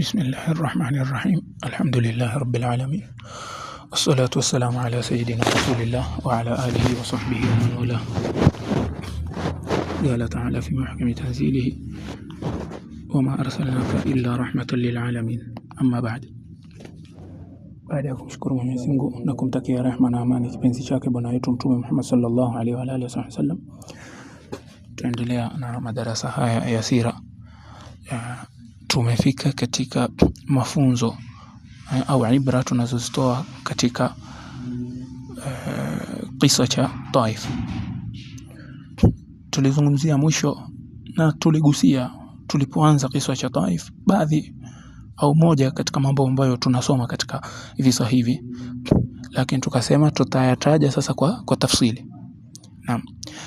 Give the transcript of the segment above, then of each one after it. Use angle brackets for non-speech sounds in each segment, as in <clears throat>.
بسم الله الرحمن الرحيم الحمد لله رب العالمين الصلاة والسلام على سيدنا رسول الله وعلى آله وصحبه ومن والاه قال تعالى في محكم تنزيله وما أرسلناك إلا رحمة للعالمين أما بعد بعد أن أشكر من سنقو أنكم تكي رحمة أمانك بن سيشاك بن محمد صلى الله عليه وآله وصحبه وسلم تندليا نرى مدرسة هيا يسيرا tumefika katika mafunzo eh, au ibra tunazozitoa katika uh, kisa cha Taif. Tulizungumzia mwisho na tuligusia tulipoanza kisa cha Taif baadhi au moja katika mambo ambayo tunasoma katika visa hivi, lakini tukasema tutayataja sasa kwa, kwa tafsili. Naam,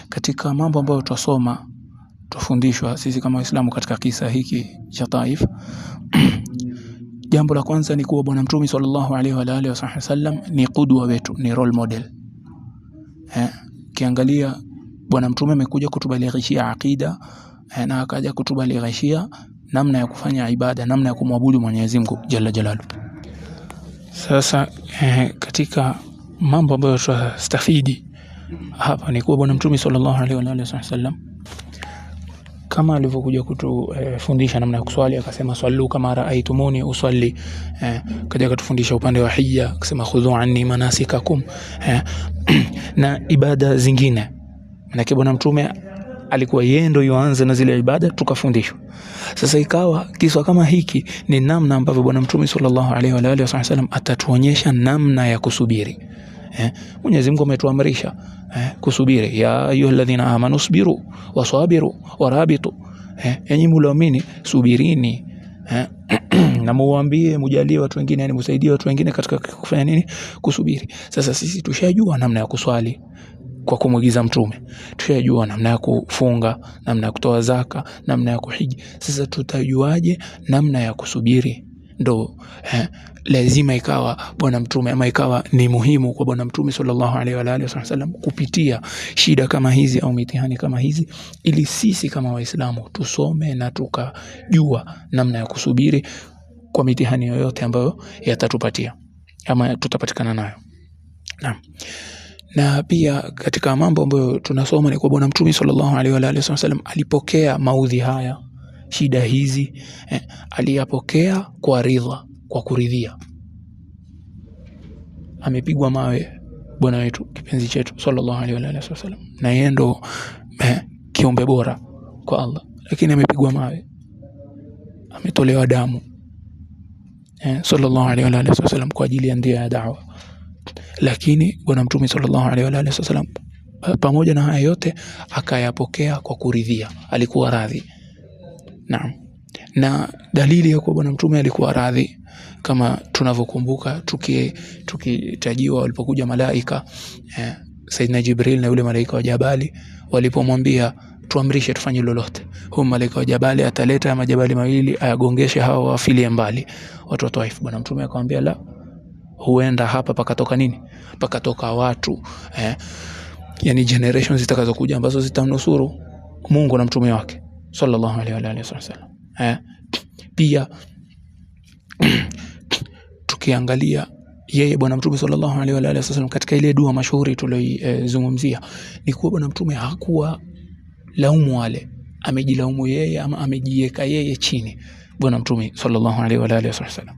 katika mambo ambayo tutasoma tufundishwa sisi kama Waislamu katika kisa hiki cha Taif. <clears throat> Jambo la kwanza ni kuwa Bwana Mtume sallallahu alaihi wa alihi wasallam ni kudwa wetu, ni role model. Eh, kiangalia Bwana Mtume amekuja kutubalighishia aqida eh, na akaja kutubalighishia namna ya kufanya ibada, namna ya kumwabudu Mwenyezi Mungu jalla jalalu. Sasa eh, katika mambo ambayo tutastafidi hapa ni kuwa Bwana Mtume sallallahu alaihi wa alihi wasallam kama alivyokuja kutufundisha eh, namna ya kuswali akasema swallu kama raaitumuni usalli eh, kaja akatufundisha upande wa hija akasema khudhu anni manasikakum eh, <clears throat> na ibada zingine manake bwana mtume alikuwa yeye ndio yuanze na zile ibada tukafundishwa. Sasa ikawa kiswa kama hiki ni namna ambavyo bwana mtume sallallahu alaihi wa alihi wasallam atatuonyesha namna ya kusubiri eh, Mwenyezi Mungu ametuamrisha eh, kusubiri. Ya ayyuhalladhina amanu subiru wasabiru warabitu, eh, enyi mlioamini subirini eh, <clears throat> na muambie mujalie watu wengine, yani musaidie watu wengine katika kufanya nini? Kusubiri. Sasa sisi tushajua namna ya kuswali kwa kumwigiza Mtume, tushajua namna ya kufunga, namna ya kutoa zaka, namna ya kuhiji. Sasa tutajuaje namna ya kusubiri? ndo eh, lazima ikawa bwana mtume ama ikawa ni muhimu kwa bwana mtume sallallahu alaihi wa alihi wasallam kupitia shida kama hizi au mitihani kama hizi, ili sisi kama Waislamu tusome na tukajua namna ya kusubiri kwa mitihani yoyote ambayo yatatupatia ama tutapatikana nayo. na na pia katika mambo ambayo tunasoma ni kwa bwana mtume sallallahu alaihi wa alihi wasallam alipokea maudhi haya shida hizi eh, aliyapokea kwa ridha, kwa kuridhia. Amepigwa mawe bwana wetu kipenzi chetu sallallahu alaihi wa alihi wasallam, na yeye ndo eh, kiumbe bora kwa Allah, lakini amepigwa mawe, ametolewa damu eh, sallallahu alaihi wa alihi wasallam kwa ajili ya ndia ya dawa, lakini bwana mtume sallallahu alaihi wa alihi wasallam eh, pamoja na haya yote akayapokea kwa kuridhia, alikuwa radhi. Naam. Na dalili ya kuwa Bwana Mtume alikuwa radhi kama tunavyokumbuka tukitajiwa walipokuja malaika eh, Saidina Jibril na yule malaika wa Jabali walipomwambia tuamrishe tufanye lolote. Huyu malaika wa Jabali ataleta majabali mawili ayagongeshe hawa wafilie mbali watu wa Taif. Bwana Mtume akamwambia la, huenda hapa pakatoka nini? Pakatoka watu eh, yani generations zitakazokuja ambazo zitamnusuru Mungu na mtume wake sallallahu alaihi wa alihi wasallam eh. Pia <clears throat> tukiangalia yeye Bwana Mtume sallallahu alaihi wa alihi wasallam katika ile dua mashuhuri tuliyozungumzia e, ni kuwa Bwana Mtume hakuwa laumu wale, amejilaumu yeye ama amejiweka yeye chini Bwana Mtume sallallahu alaihi wa alihi wasallam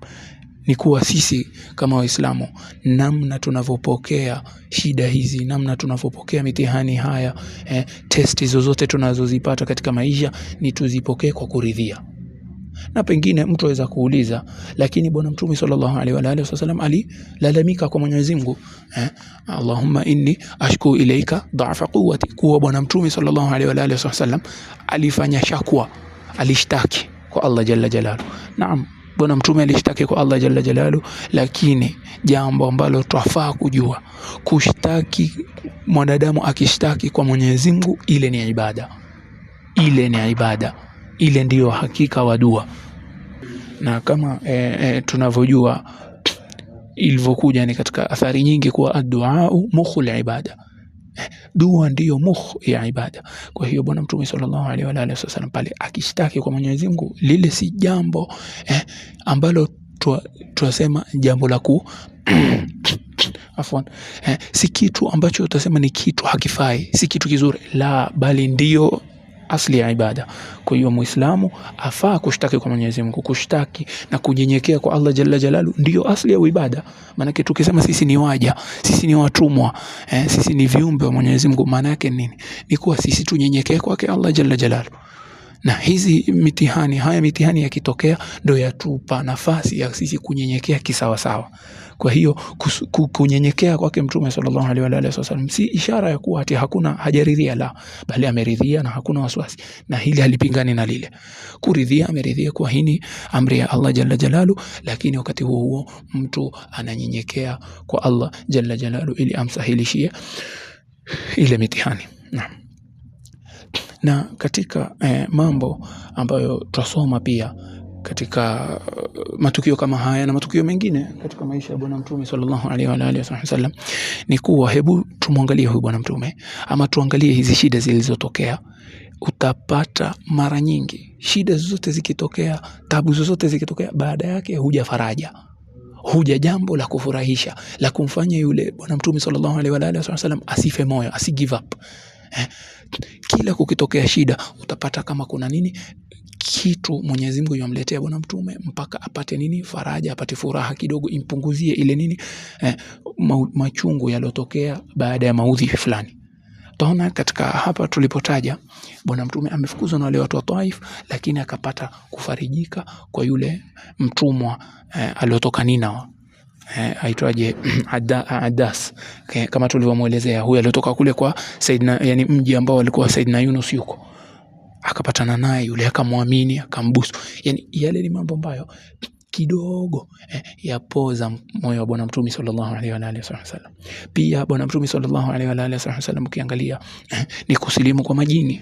ni kuwa sisi kama waislamu namna tunavyopokea shida hizi namna tunavyopokea mitihani haya eh, testi zozote tunazozipata katika maisha ni tuzipokee kwa kuridhia na pengine mtu aweza kuuliza lakini bwana mtume sallallahu alaihi wa alihi wasallam alilalamika kwa Mwenyezi Mungu eh, Allahumma inni ashku ilaika dha'fa quwwati kuwa bwana mtume sallallahu alaihi wa alihi wasallam alifanya shakwa alishtaki kwa Allah jalla jalalu naam bwana mtume alishtaki kwa Allah jalla jalalu. Lakini jambo ambalo twafaa kujua, kushtaki mwanadamu akishtaki kwa Mwenyezi Mungu, ile ni ibada, ile ni ibada, ile ndiyo hakika wa dua. Na kama e, e, tunavyojua ilivyokuja ni katika athari nyingi kuwa adduau mukhul ibada dua ndiyo mukh ya ibada. Kwa hiyo bwana Mtume sallallahu alaihi wa alihi wasallam pale akishtaki kwa Mwenyezi Mungu, lile si jambo eh, ambalo twasema jambo la ku <clears throat> afwan eh, si kitu ambacho utasema ni kitu hakifai, si kitu kizuri la, bali ndiyo asli ya ibada. Kwa hiyo Muislamu afaa kushtaki kwa Mwenyezi Mungu, kushtaki na kunyenyekea kwa Allah jalla jalalu ndiyo asli ya ibada. Maana tukisema sisi ni waja, sisi ni watumwa eh, sisi ni viumbe wa Mwenyezi Mungu, maana yake nini? Ni kuwa sisi tunyenyekee kwake Allah jalla jalalu na hizi mitihani haya mitihani yakitokea ndo yatupa nafasi ya sisi kunyenyekea kisawasawa. Kwa hiyo kunyenyekea kwake Mtume sallallahu alaihi wa alihi wasallam si ishara ya kuwa ati hakuna hajaridhia, la, bali ameridhia na hakuna wasiwasi, na hili halipingani na lile. Kuridhia, ameridhia kwa hini amri ya Allah jalla jalalu, lakini wakati huo huo mtu ananyenyekea kwa Allah jalla jalalu ili amsahilishie ile mitihani na, na katika eh, mambo ambayo twasoma pia katika uh, matukio kama haya na matukio mengine katika maisha ya Bwana Mtume sallallahu alaihi wa alihi wasallam, ni kuwa hebu tumwangalie huyu Bwana Mtume ama tuangalie hizi shida zilizotokea. Utapata mara nyingi shida zozote zikitokea, tabu zozote zikitokea, baada yake huja faraja, huja jambo la kufurahisha la kumfanya yule Bwana Mtume sallallahu alaihi wa alihi wasallam asife moyo, asi give up. Eh, kila kukitokea shida utapata kama kuna nini kitu Mwenyezi Mungu yamletea bwana mtume mpaka apate nini, faraja, apate furaha kidogo, impunguzie ile nini eh, machungu yalotokea baada ya maudhi fulani. Utaona katika hapa tulipotaja bwana mtume amefukuzwa na wale watu wa Taif, lakini akapata kufarijika kwa yule mtumwa eh, aliotoka nina eh, aitwaje Adas <clears throat> eh, kama tulivyomwelezea, huyu aliotoka kule kwa Saidna, yani mji ambao alikuwa Saidna Yunus yuko akapatana naye yule akamwamini akambusu. Yani yale ni mambo ambayo kidogo eh, yapoza moyo wa Bwana Mtume sallallahu alaihi wa alihi wasallam. Pia Bwana Mtume sallallahu alaihi wa alihi wasallam ukiangalia eh, ni kusilimu kwa majini.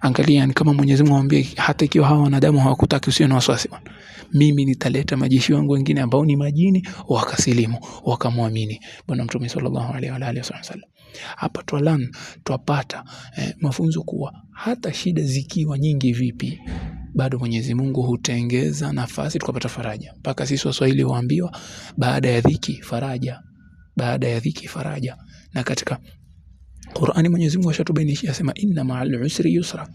Angalia, ni kama Mwenyezi Mungu amwambia, hata ikiwa hawa wanadamu hawakutaki usio na wasiwasi bwana, mimi nitaleta majeshi wangu wengine ambao ni majini, wakasilimu wakamwamini Bwana Mtume sallallahu alaihi wa alihi wasallam. Hapa twalan twapata eh, mafunzo kuwa hata shida zikiwa nyingi vipi bado Mwenyezi Mungu hutengeza nafasi tukapata faraja. Mpaka sisi Waswahili huambiwa baada ya dhiki faraja, baada ya dhiki faraja. Na katika Qur'ani Mwenyezi Mungu ashatubainishia asema, inna ma'al usri yusra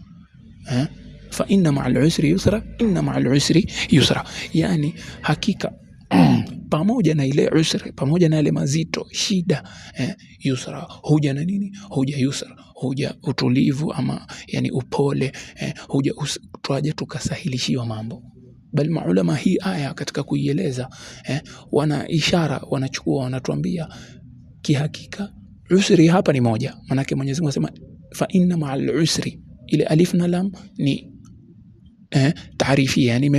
eh? fa inna ma'al usri yusra, inna ma'al usri yusra, yani hakika <clears throat> pamoja na ile usra, pamoja na ile mazito shida eh, yusra huja na nini? Huja yusra, huja utulivu ama yani upole eh, huja twaje tukasahilishiwa mambo. Bali maulama hii aya katika kuieleza eh, wana ishara wanachukua wanatuambia kihakika usri hapa ni moja, manake Mwenyezi Mungu asema fa inna ma'al usri, ile alif na lam ni eh, taarifi yani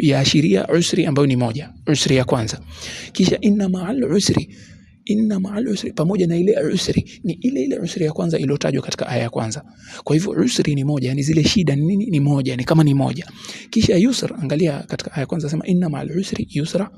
yaashiria usri ambayo ni moja, usri ya kwanza. Kisha inna ma'al usri, inna ma'al usri, pamoja na ile usri ni ile ile usri ya kwanza iliyotajwa katika aya ya kwanza. Kwa hivyo usri ni moja, yani zile shida ni nini? Ni moja, ni kama ni moja. Kisha yusra, angalia katika aya ya kwanza sema inna ma'al usri yusra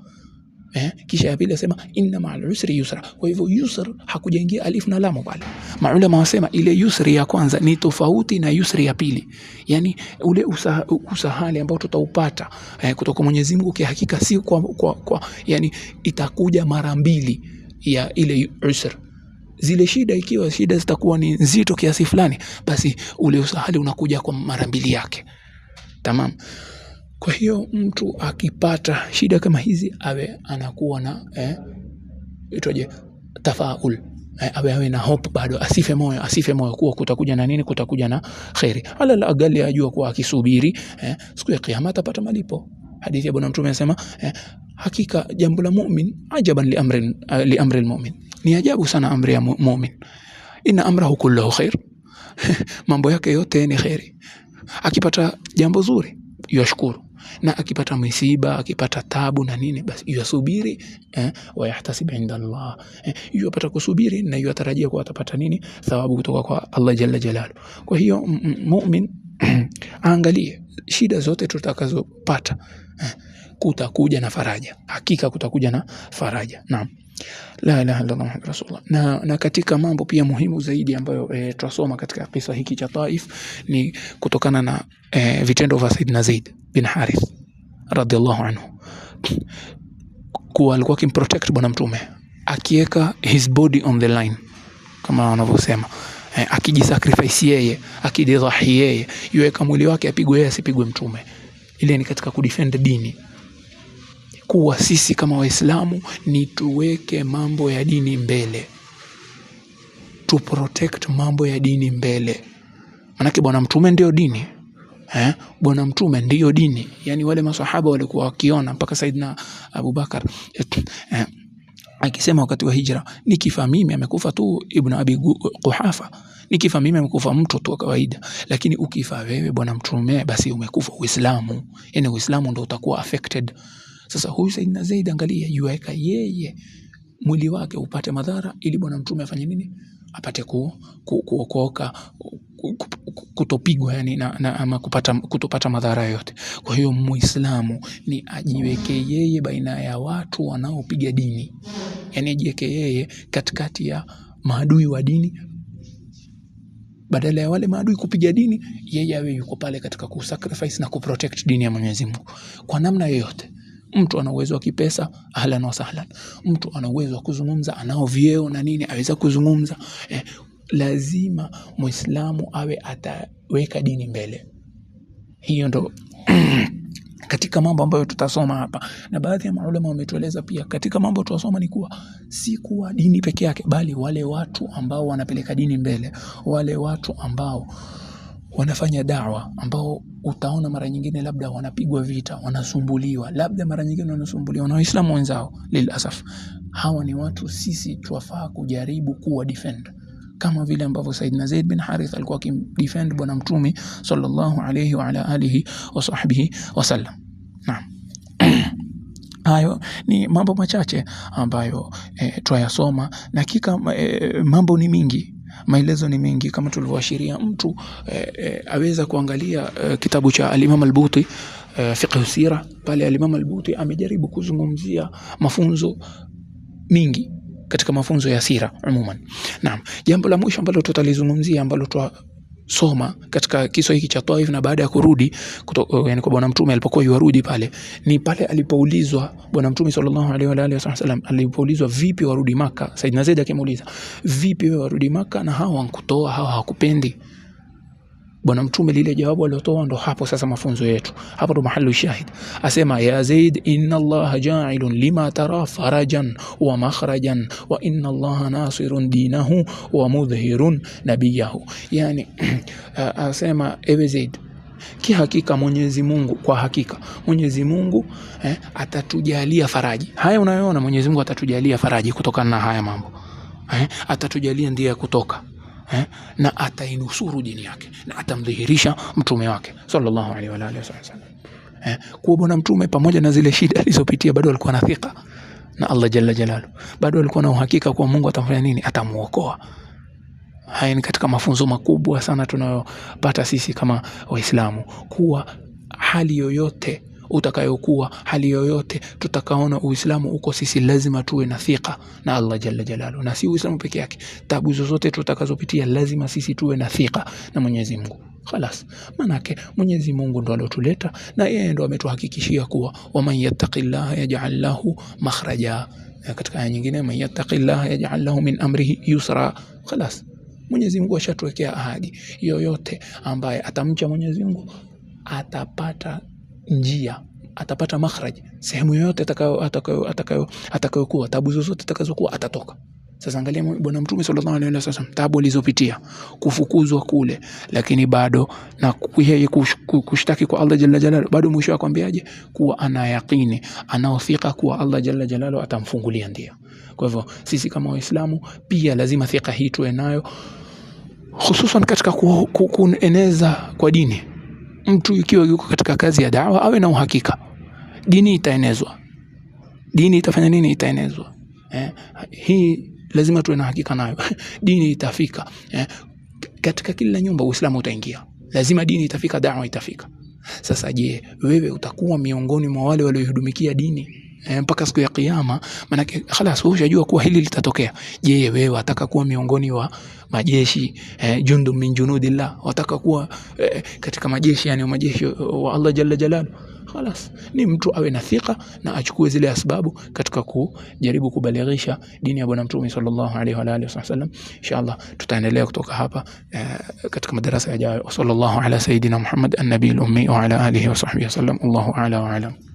Eh, kisha ya pili asema inna ma'al usri yusra. Kwa hivyo yusr hakujaingia alif na lamu pale. Maulama wasema ile yusri ya kwanza ni tofauti na yusri ya pili, yani ule usaha, usahali ambao tutaupata eh, kutoka Mwenyezi Mungu kihakika si kwa, kwa, kwa, yani itakuja mara mbili ya ile usr zile shida ikiwa shida zitakuwa ni nzito kiasi fulani, basi ule usahali unakuja kwa mara mbili yake. Tamam. Kwa hiyo mtu akipata shida kama hizi awe anakuwa na eh, itoje tafaul eh, awe awe na hope bado, asife moyo, asife moyo kuwa kutakuja na nini, kutakuja na khairi. Ala la agali ajua kuwa akisubiri eh, siku ya kiyama atapata malipo. Hadithi ya Bwana Mtume anasema eh, hakika jambo la mu'min ajaban li amri eh, li amri almu'min, ni ajabu sana amri ya mu'min. Inna amrahu kulluhu khair, <laughs> mambo yake yote ni khairi. Akipata jambo zuri yashukuru na akipata misiba, akipata tabu na nini, basi yusubiri eh, wayahtasib inda Allah eh, yupata kusubiri na yatarajia kwa atapata nini thawabu kutoka kwa Allah jalla jalalu. Kwa hiyo mumin <clears throat> aangalie shida zote tutakazopata eh, kutakuja na faraja, hakika kutakuja na faraja. Naam. La ilaha illallah Muhammadur rasulullah. Na, na katika mambo pia muhimu zaidi ambayo e, eh, tunasoma katika kisa hiki cha Taif ni kutokana na e, vitendo vya Saidna Zaid bin Harith radhiallahu anhu kuwa alikuwa akimprotect bwana mtume akiweka his body on the line kama wanavyosema eh, akijisacrifice yeye akijidhahi yeye yuweka mwili wake apigwe yeye asipigwe mtume ile ni katika kudefend dini kuwa sisi kama waislamu ni tuweke mambo ya dini mbele tu protect mambo ya dini mbele manake bwana mtume ndio dini eh, bwana mtume ndiyo dini. Yani wale maswahaba walikuwa wakiona mpaka Saidna Abubakar eh, akisema wakati wa hijra, nikifa mimi amekufa tu Ibn Abi Quhafa, nikifa mimi amekufa mtu tu kawaida, lakini ukifa wewe bwana mtume, basi umekufa Uislamu. Yani Uislamu ndio utakuwa affected. Sasa huyu Saidna Zaid, angalia, yuweka yeye mwili wake upate madhara ili bwana mtume afanye nini? apate kuokoka kutopigwa yani na, na, ama kupata, kutopata madhara yoyote. Kwa hiyo Muislamu ni ajiweke yeye baina ya watu wanaopiga dini, yani ajiweke yeye katikati ya maadui wa dini, badala ya wale maadui kupiga dini, yeye awe yuko pale katika kusacrifice na kuprotect dini ya Mwenyezi Mungu kwa namna yoyote mtu ana uwezo wa kipesa, ahlan wa sahlan. Mtu ana uwezo wa kuzungumza, anao vyeo na nini, aweza kuzungumza eh. Lazima Muislamu awe ataweka dini mbele, hiyo ndo <clears throat> katika mambo ambayo tutasoma hapa, na baadhi ya maulama wametueleza pia katika mambo tutasoma ni kuwa si kuwa dini peke yake, bali wale watu ambao wanapeleka dini mbele, wale watu ambao wanafanya dawa ambao utaona mara nyingine labda wanapigwa vita, wanasumbuliwa, labda mara nyingine wanasumbuliwa na Waislamu wenzao. Lilasaf, hawa ni watu sisi twafaa kujaribu kuwa defend kama vile ambavyo Saidna Zaid bin Harith alikuwa akimdefend bwana Mtume sallallahu alayhi wa ala alihi wa sahbihi sallam. Naam. <clears throat> Hayo ni mambo machache ambayo e, twayasoma na kika e, mambo ni mingi maelezo ni mengi kama tulivyoashiria, mtu eh, eh, aweza kuangalia eh, kitabu cha alimama albuti eh, Fiqh Sira. Pale alimama albuti amejaribu kuzungumzia mafunzo mingi katika mafunzo ya sira umuman. Naam, jambo la mwisho ambalo tutalizungumzia ambalo soma katika kisa hiki cha Taif na baada ya kurudi kuto, eh, yani kwa bwana mtume alipokuwa yuarudi pale ni pale alipoulizwa bwana mtume sallallahu alaihi wa alihi wasallam alipoulizwa vipi warudi Maka Saidina Zaid akimuuliza vipi wewe warudi Maka na hawa wankutoa hawa hakupendi Bwana Mtume lile jawabu alilotoa ndo hapo sasa mafunzo yetu. Hapo ndo mahali shahid. Asema ya Zaid, inna allaha ja'ilun lima tara farajan wa makhrajan wa inna allaha nasirun dinahu wa mudhhirun nabiyahu. Yani <clears throat> asema ewe Zaid, kihakika Mwenyezi Mungu, kwa hakika Mwenyezi Mungu eh, atatujalia faraji. Haya unayoona Mwenyezi Mungu atatujalia faraji kutokana na haya mambo eh, atatujalia ya kutoka eh, na atainusuru dini yake na atamdhihirisha mtume wake sallallahu alaihi wa alihi wasallam. Eh, kwa bwana mtume pamoja na zile shida alizopitia bado alikuwa na thika na Allah jalla jalalu, bado alikuwa na uhakika kuwa Mungu atamfanya nini, atamuokoa. Haya ni katika mafunzo makubwa sana tunayopata sisi kama Waislamu kuwa hali yoyote utakayokuwa, hali yoyote tutakaona Uislamu uko, sisi lazima tuwe na thika na Allah jalla jalalu, na si Uislamu peke yake. Tabu zozote tutakazopitia lazima sisi tuwe na thika na Mwenyezi Mungu. Khalas, manake Mwenyezi Mungu ndo alotuleta na yeye ndo ametuhakikishia kuwa waman yattaqillaha yaj'al lahu makhraja. Eh, katika aya nyingine, man yattaqillaha yaj'al lahu min amrihi yusra. Khalas, Mwenyezi Mungu ashatuwekea ahadi, yoyote ambaye atamcha Mwenyezi Mungu atapata njia atapata makhraj sehemu yoyote atakayo atakayo atakayo atakayokuwa tabu zozote atakazokuwa atatoka. Sasa angalia Bwana Mtume sallallahu alaihi wasallam tabu alizopitia, kufukuzwa kule, lakini bado na yeye kushtaki kwa Allah jalla jalalu, bado mwisho akwambiaje? Kuwa ana yaqini, anaothika kuwa Allah jalla jalalu atamfungulia ndio. Kwa hivyo sisi kama Waislamu pia lazima thika hii tuwe nayo, hususan katika kueneza kwa dini mtu ikiwa yuko katika kazi ya dawa awe na uhakika dini itaenezwa dini itafanya nini itaenezwa eh, hii lazima tuwe na hakika nayo <laughs> dini itafika eh, katika kila nyumba uislamu utaingia lazima dini itafika dawa itafika sasa je wewe utakuwa miongoni mwa wale waliohudumikia dini Eh, mpaka siku ya kiyama, maanake khalas wewe ushajua kuwa hili litatokea. Je, wewe wataka kuwa miongoni wa majeshi eh, jundu min junudillah, wataka kuwa eh, katika majeshi yani majeshi wa Allah jalla jalalu Khalas, ni mtu awe na thika na achukue zile asbabu katika kujaribu kubalighisha dini ya Bwana Mtume sallallahu alaihi wa alihi wasallam. Inshallah tutaendelea kutoka hapa eh, katika madarasa yajayo. Sallallahu ala sayidina Muhammad an-nabiyil ummi wa ala alihi wa sahbihi wasallam. Allahu ala wa alam.